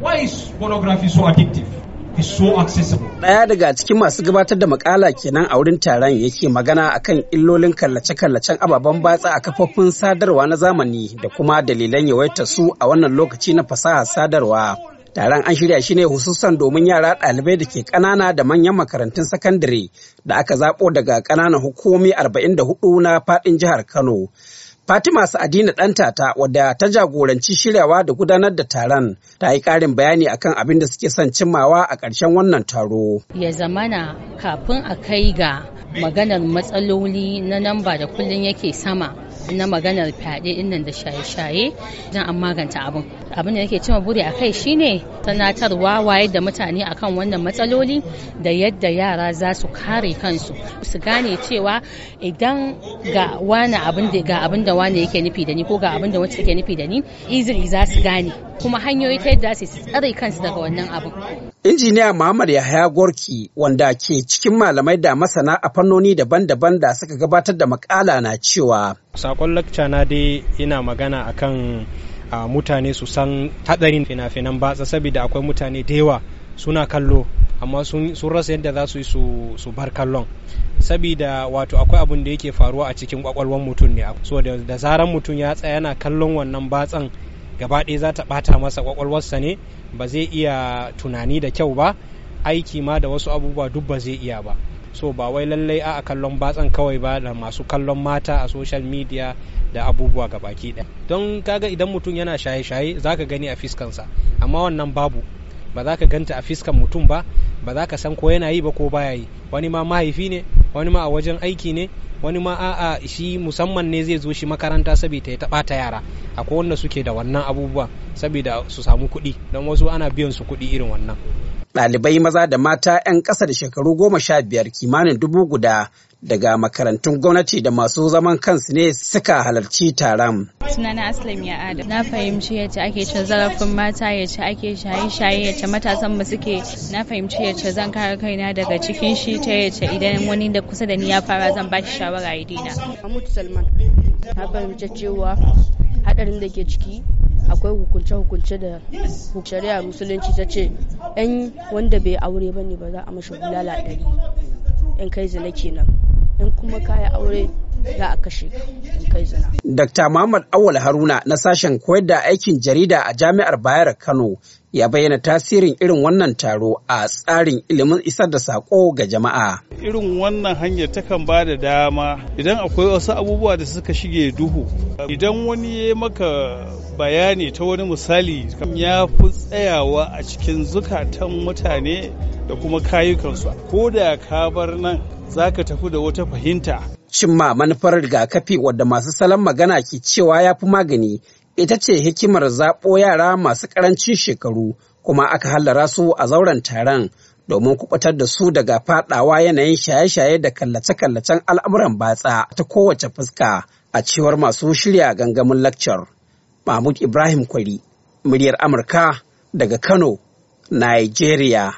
Why is pornography so addictive? It's so accessible. Daya daga cikin masu gabatar da makala kenan a wurin taron yake magana akan illolin kallace-kallacen ababen batsa a kafofin sadarwa na zamani da kuma dalilan yawaitar su a wannan lokaci na fasaha sadarwa. Taron an shirya shi ne hususan domin yara ɗalibai da ke ƙanana da manyan makarantun sakandare da aka zaɓo daga ƙananan hukumi 44 na faɗin jihar Kano. Fatima Sa'adina ɗanta ta wadda ta jagoranci shiryawa da gudanar da taron ta yi ƙarin bayani akan abin da suke son cimmawa a ƙarshen wannan taro. Ya zamana kafin a kai ga maganar matsaloli na namba da kullum yake sama na maganar fyaɗe innan da shaye-shaye don an maganta abin abin da yake cima buri a kai shine sanatarwa wayar da mutane akan wannan matsaloli da yadda yara za su kare kansu su gane cewa idan ga wani abin da wani yake nufi da ni ko ga abin da wacce yake nufi da ni izili za su gane kuma hanyoyi ta yadda su tsare kansu daga wannan abu. Injiniya Muhammad Yahaya Gorki wanda ke cikin malamai da masana a fannoni daban-daban da suka gabatar da makala na cewa. Sakon lakca na dai ina magana akan a mutane su san hadarin fina-finan batsa saboda akwai mutane da yawa suna kallo amma sun rasa yadda za su yi su bar kallon sabida wato akwai abin da yake faruwa a cikin kwakwalwar mutum ne so da zaran mutum ya tsaya yana kallon wannan batsan gaba ɗaya za ta ɓata masa kwakwalwarsa ne ba zai iya tunani da kyau ba aiki ma da wasu abubuwa duk ba zai iya ba so ba wai lallai a kallon batsan kawai ba da masu kallon mata a social media da abubuwa ga baki ɗaya don kaga idan mutum yana shaye-shaye za ka gani a fiskansa amma wannan babu ba za ka ganta a fiskan mutum ba ba za ka san ko yana yi ba ko baya yi wani ma mahaifi ne wani ma a wajen aiki ne wani ma a'a shi musamman ne zai zo shi makaranta saboda ya taɓa ta yara akwai wanda suke da wannan abubuwa saboda su samu kuɗi don wasu ana biyan su kuɗi irin wannan ɗalibai maza da mata 'yan ƙasa da shekaru goma sha biyar kimanin dubu guda daga makarantun gwamnati da masu zaman kansu ne suka halarci taron. Sunana Aslam ya Adam. Na fahimci yace ake cin zarafin mata yadda ake shaye-shaye yadda matasan mu suke na fahimci yace zan kare kaina daga cikin shi ta yadda idan wani da kusa da ni ya fara zan ba shi shawara ya idina. Mahmud Salman na fahimci cewa hadarin da ke ciki akwai hukunce-hukunce da shari'a musulunci ta ce 'yan wanda bai aure ba ne ba za a mashi bulala ɗari 'yan kai zina kenan kuma kaya aure za a kashe kai zina. Dr. Muhammad Awal Haruna na sashen koyar da aikin jarida a Jami'ar Bayar Kano ya bayyana tasirin irin wannan taro a tsarin ilimin isar da sako ga jama'a. Irin wannan hanyar takan ba da dama idan akwai wasu abubuwa da suka shige duhu. Idan wani ya maka bayani ta wani misali ya fi tsayawa a cikin zukatan mutane da kuma kayukansu. Ko da ka bar nan za ka tafi da wata fahimta cimma manufar rigakafi wadda masu salon magana ke cewa ya fi magani ita ce hikimar zaɓo yara masu ƙarancin shekaru kuma aka hallara su a zauren taron domin kubutar da su daga fadawa yanayin shaye-shaye da kallace-kallacen al'amuran batsa ta kowace fuska a cewar masu shirya gangamin lakcar. Mahmud Ibrahim Kwari, muryar Amurka daga Kano, Nigeria.